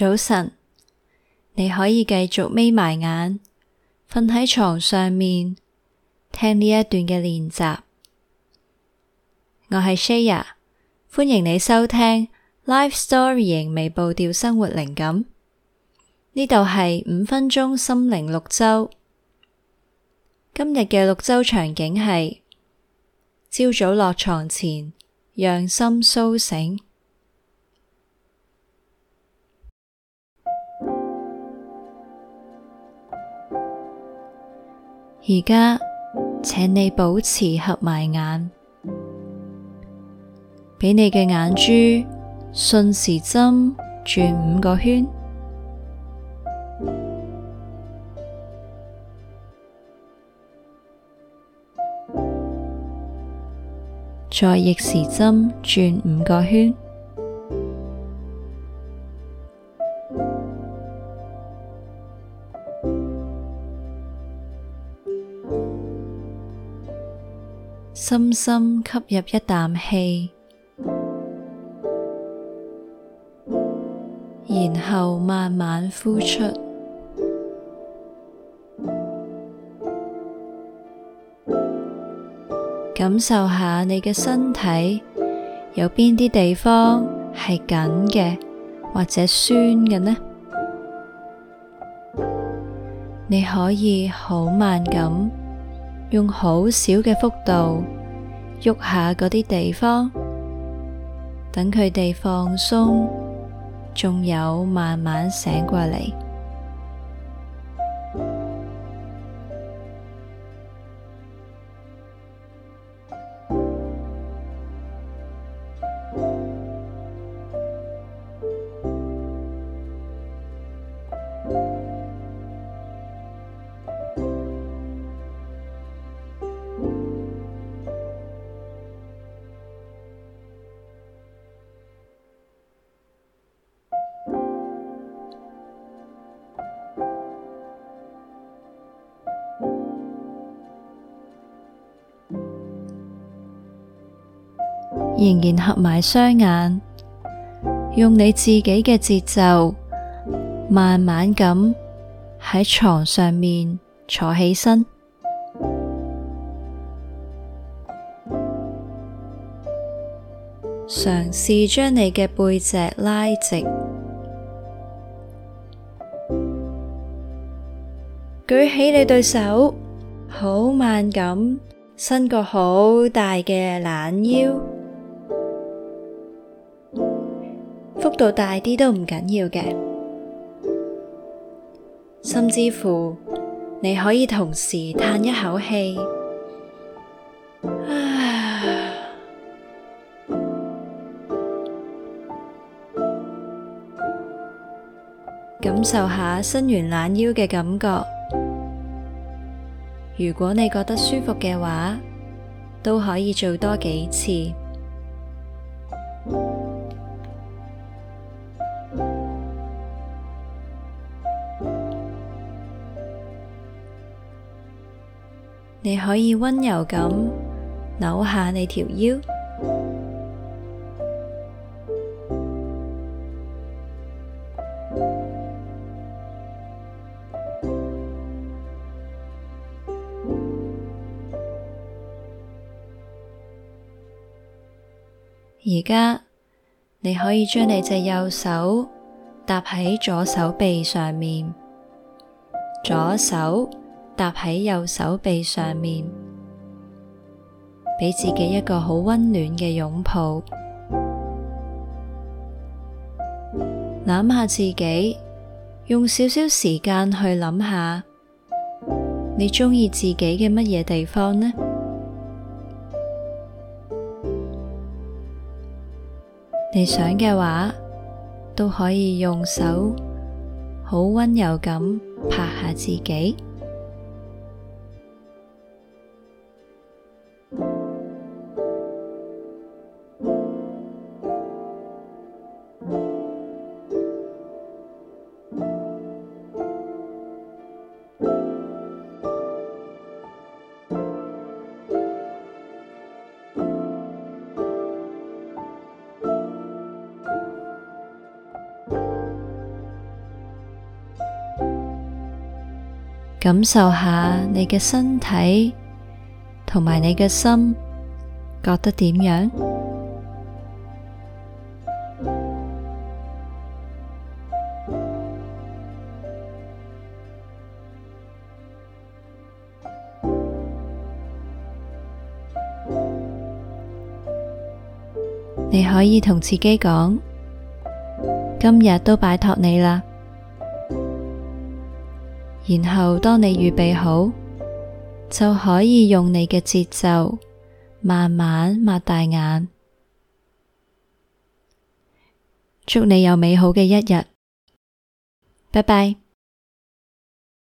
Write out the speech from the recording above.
早晨，你可以繼續眯埋眼，瞓喺床上面聽呢一段嘅練習。我係 Shaya，歡迎你收聽 Life Story 微步調生活靈感。呢度係五分鐘心靈綠洲。今日嘅綠洲場景係朝早落床前，讓心蘇醒。而家，請你保持合埋眼，畀你嘅眼珠順時針轉五個圈，再逆時針轉五個圈。深深吸入一啖氣，然後慢慢呼出，感受下你嘅身體有邊啲地方係緊嘅，或者酸嘅呢？你可以好慢咁。用好小嘅幅度喐下嗰啲地方，等佢哋放鬆，仲有慢慢醒過嚟。仍然合埋雙眼，用你自己嘅節奏，慢慢咁喺床上面坐起身，嘗試將你嘅背脊拉直，舉起你對手，好慢咁伸個好大嘅懶腰。大啲都唔緊要嘅，甚至乎你可以同時嘆一口氣，感受下伸完懶腰嘅感覺。如果你覺得舒服嘅話，都可以做多幾次。你可以溫柔咁扭下你條腰。而家你可以將你隻右手搭喺左手臂上面，左手。搭喺右手臂上面，俾自己一個好溫暖嘅擁抱。攬下自己，用少少時間去諗下，你中意自己嘅乜嘢地方呢？你想嘅話，都可以用手好溫柔咁拍下自己。感受下你嘅身體同埋你嘅心，覺得點樣？你可以同自己講：今日都拜託你啦。然後當你預備好，就可以用你嘅節奏慢慢擘大眼。祝你有美好嘅一日。拜拜。